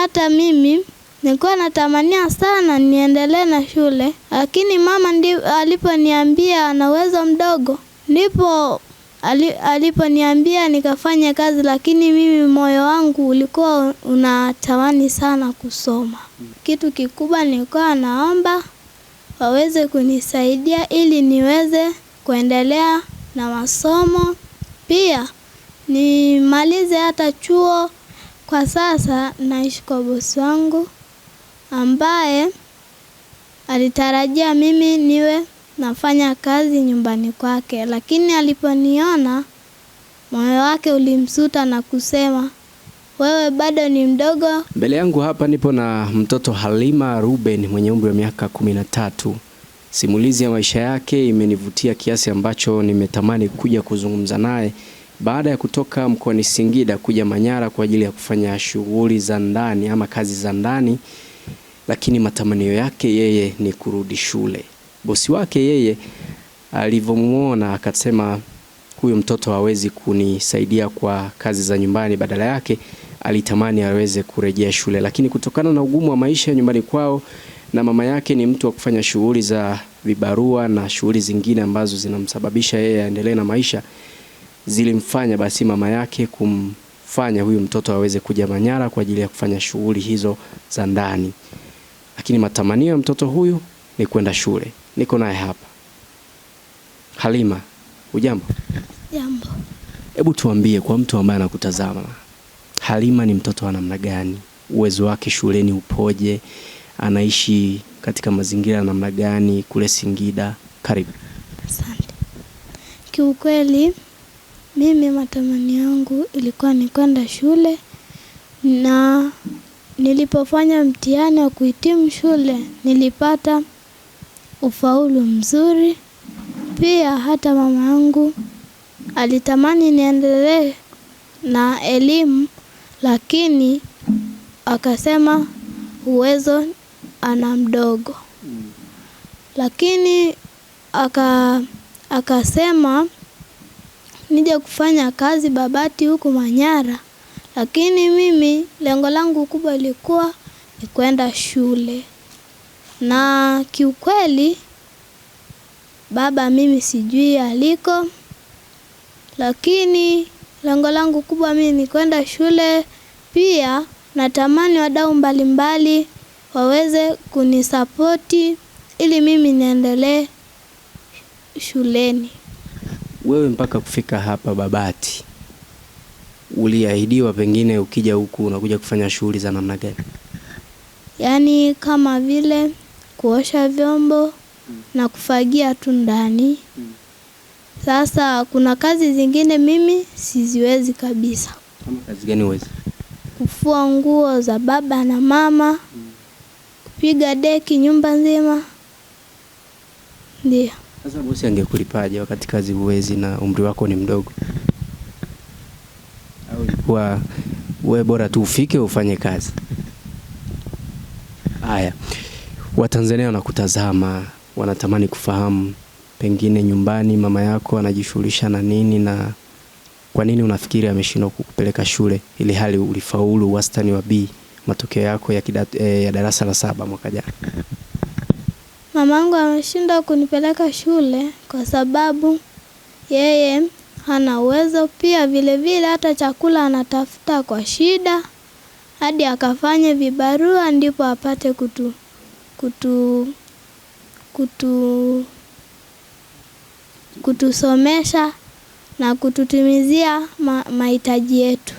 Hata mimi nilikuwa natamania sana niendelee na shule, lakini mama ndipo aliponiambia ana uwezo mdogo, ndipo aliponiambia nikafanya kazi, lakini mimi moyo wangu ulikuwa unatamani sana kusoma. Kitu kikubwa nilikuwa naomba waweze kunisaidia ili niweze kuendelea na masomo, pia nimalize hata chuo kwa sasa naishi kwa bosi wangu ambaye alitarajia mimi niwe nafanya kazi nyumbani kwake, lakini aliponiona moyo wake ulimsuta na kusema wewe bado ni mdogo. Mbele yangu hapa nipo na mtoto Halima Ruben mwenye umri wa miaka kumi na tatu. Simulizi ya maisha yake imenivutia kiasi ambacho nimetamani kuja kuzungumza naye baada ya kutoka mkoani Singida kuja Manyara kwa ajili ya kufanya shughuli za ndani ama kazi za ndani, lakini matamanio yake yeye ni kurudi shule. Bosi wake yeye alivyomwona akasema, huyu mtoto hawezi kunisaidia kwa kazi za nyumbani, badala yake alitamani aweze kurejea shule, lakini kutokana na ugumu wa maisha nyumbani kwao na mama yake ni mtu wa kufanya shughuli za vibarua na shughuli zingine ambazo zinamsababisha yeye aendelee na maisha zilimfanya basi mama yake kumfanya huyu mtoto aweze kuja Manyara kwa ajili ya kufanya shughuli hizo za ndani, lakini matamanio ya mtoto huyu ni kwenda shule. Niko naye hapa. Halima, ujambo? Jambo. Hebu tuambie kwa mtu ambaye anakutazama, Halima ni mtoto wa namna gani? Uwezo wake shuleni upoje? Anaishi katika mazingira ya namna gani kule Singida? Karibu. Asante. Kiukweli mimi matamani yangu ilikuwa ni kwenda shule na nilipofanya mtihani wa kuhitimu shule nilipata ufaulu mzuri. Pia hata mama yangu alitamani niendelee na elimu, lakini akasema uwezo ana mdogo, lakini akasema nije kufanya kazi Babati huko Manyara, lakini mimi lengo langu kubwa ilikuwa ni kwenda shule. Na kiukweli baba mimi sijui aliko, lakini lengo langu kubwa mimi ni kwenda shule. Pia natamani wadau mbalimbali waweze kunisapoti ili mimi niendelee shuleni wewe mpaka kufika hapa Babati uliahidiwa, pengine ukija huku unakuja kufanya shughuli za namna gani? Yaani kama vile kuosha vyombo hmm. na kufagia tu ndani hmm. Sasa kuna kazi zingine mimi siziwezi kabisa. Kama kazi gani uwezi? Kufua nguo za baba na mama hmm. kupiga deki nyumba nzima, ndio. Sasa bosi angekulipaje wakati kazi huwezi na umri wako ni mdogo? Au ilikuwa wewe bora tu ufike ufanye kazi? Haya, Watanzania wanakutazama, wanatamani kufahamu pengine nyumbani mama yako anajishughulisha na nini na kwa nini unafikiri ameshindwa kukupeleka shule ili hali ulifaulu wastani wa B matokeo yako ya, kidat, eh, ya darasa la saba mwaka jana? Mamangu ameshindwa kunipeleka shule kwa sababu yeye hana uwezo, pia vile vile hata chakula anatafuta kwa shida hadi akafanye vibarua ndipo apate kutu, kutu, kutu, kutusomesha na kututimizia mahitaji yetu.